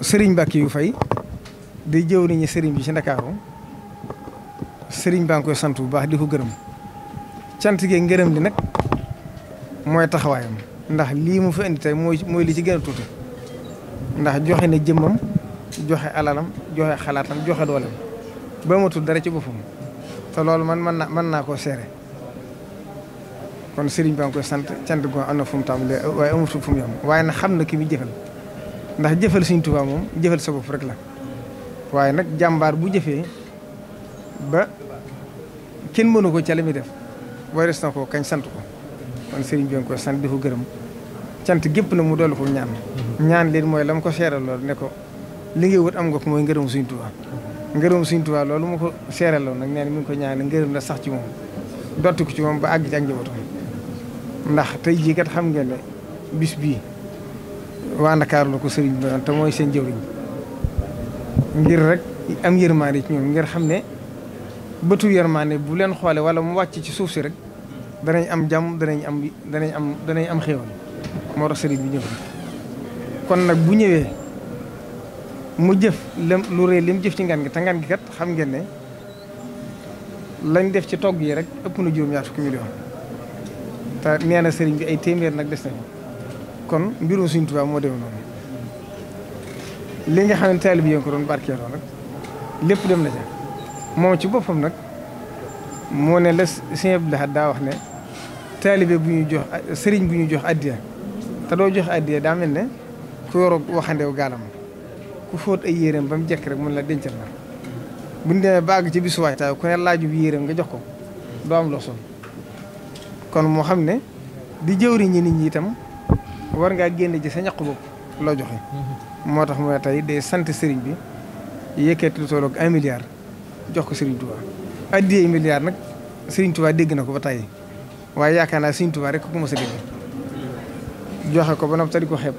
sëriñ Mbàkke yu fay di jëwriñu sëriñ bi ci Ndakaaru sëriñ baa ngi koy sant bu baax di ko gërëm cant gi ngërëm li nag mooy taxawaayam ndax lii mu fi indi tey mooy li ci gën a tuuti ndax joxe na jëmmam joxe alalam joxe xalaatam joxe dooleem ba ma tudd dara ci boppam te loolu man mën naa mën naa koo seere kon sëriñ baa ngi koy sant cant goo am na fu mu tàmbalee waaye amul fu mu waaye na xam na ki muy jëfal ndax jëfal Sëriñ Tuubaa moom jëfal sa bopp rek la waaye nag jàmbaar bu jëfee ba kenn mënu ko ca li muy def warees na ko kañ sant ko kon sëriñ bi nga koy sant di ko gërëm cant gépp na mu dolli ko ñaan ñaan leen mooy la mu ko seeral loolu ne ko li ngay wut am nga ko mooy ngërëm Sëriñ Tuubaa ngërëm Sëriñ Tuubaa loolu mu ko seeral loolu nag nee na mi ngi ko ñaan ngërëm la sax ci moom dotti ko ci moom ba àgg ci ak njabootam ndax tey jii kat xam ngeen ne bis bii waa Ndakaar la ko sëriñ bi doon te mooy seen jëwriñ ngir rek am yërmaande ci ñoom ngir xam ne bëtu yërmaande bu leen xoole wala mu wàcc ci suuf si rek danañ am jàmm danañ am danañ am danañ am xéewal moo tax sëriñ bi ñëw kon nag bu ñëwee mu jëf lam lu rëy jëf ci ngan gi te ngan gi kat xam ngeen ne lañ def ci togg yi rek ëpp na juróom-ñaar fukki million te nee na sëriñ bi ay téeméer nag des nañu kon mbirum Sëriñ Tuubaa moo demee noonu li nga xam ne taalibe yi ko doon barkeeloo nag lépp dem na ca moom ci boppam nag moo ne la Sëriñ Abdou Lahad daa wax ne taalibe bu ñu jox sëriñ bu ñu jox addiya te doo jox addiya daa mel ne ku yoroo waxandew gaalam ku fóot ay yéreem ba mu jekk rek mun la dencal la bu ñu demee bàgg ci bisuwaay taay ku ne laajub yéreem nga jox ko doo am loo sol kon moo xam ne di jëwriñ ñi nit ñi itam war ngaa génne ci sa ñaqu bopp loo joxe. Mhm. moo tax mooy tey day sant sëriñ bi yëkkati lu tolloog milliard jox ko sëriñ Touba. addiyee milliard nag sëriñ Touba dégg na ko ba tey waaye yaakaar naa sëriñ Touba rek ko ba noppi ko xeeb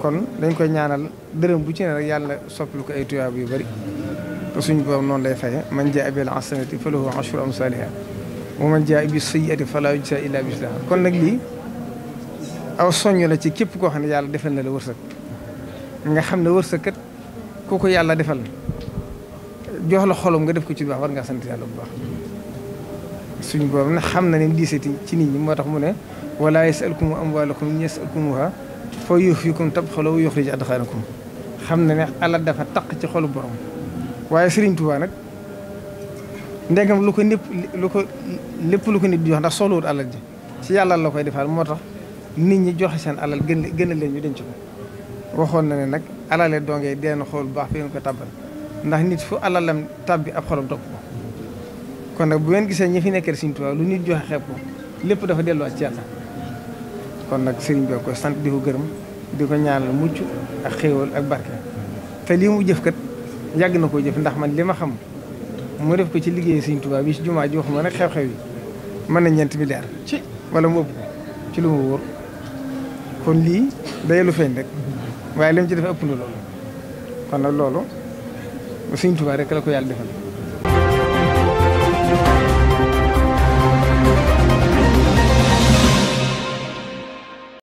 kon dañ koy ñaanal dërëm bu ci ne yàlla sopplu ko ay yu bari te suñu noonu lay faye man jaa bil hasanati falahu ashru man jaa bi sayyi'ati fala yujza illa bislaha kon nag lii. aw soññ la ci képp koo xam ne yàlla defal na la wërsëg nga xam ne wërsëg kat ku ko yàlla defal jox la xolum nga def ko ci baax war ngaa sant yàlla bu baax suñ boobu nag xam na ne diisati ci nit ñi moo tax mu ne wala yasalkum amwaalakum yasalkumuha fa yuhfikum tabxalu wa yuxrij adxaanakum xam na ne dafa taq ci xolu borom waaye Sëriñ Tuubaa nag lu ko népp lu ko lépp lu ko nit di jox ndax soxlawut alal ji ci yàlla la koy defal moo tax nit ñi joxe seen alal gën gën a leen ñu denc ko waxoon na ne nag alalee dongee deen xool bu baax fi ngeen ko tàbbal ndax nit fu alalam tàbbi ab xolam topp ko kon nag bu ngeen gisee ñi fi nekkee Sëriñ Tuubaa lu nit joxe xeeb ko lépp dafa delluwaat ci yàlla kon nag sëriñ bi ko sant di ko gërëm di ko ñaanal mucc ak xéewal ak barke te lii mu jëf kat yàgg na koo jëf ndax man li ma xam mu def ko ci liggéey Sëriñ Tuubaa bi ci jumaa ji waxuma ne xew-xew yi mën na ñeent ci wala mu ci lu kon lii day lu feeñ rek waaye li mu ci def ëpp na loolu kon nag loolu Sëñ Tuubaa rek la ko yàlla defal.